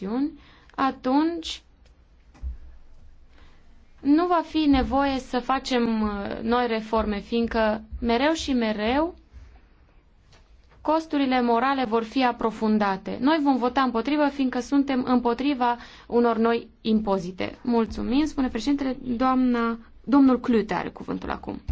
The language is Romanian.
chestiuni, atunci nu va fi nevoie să facem uh, noi reforme, fiindcă mereu și mereu costurile morale vor fi aprofundate. Noi vom vota împotrivă, fiindcă suntem împotriva unor noi impozite. Mulțumim, spune președintele, doamna, domnul Clute are cuvântul acum.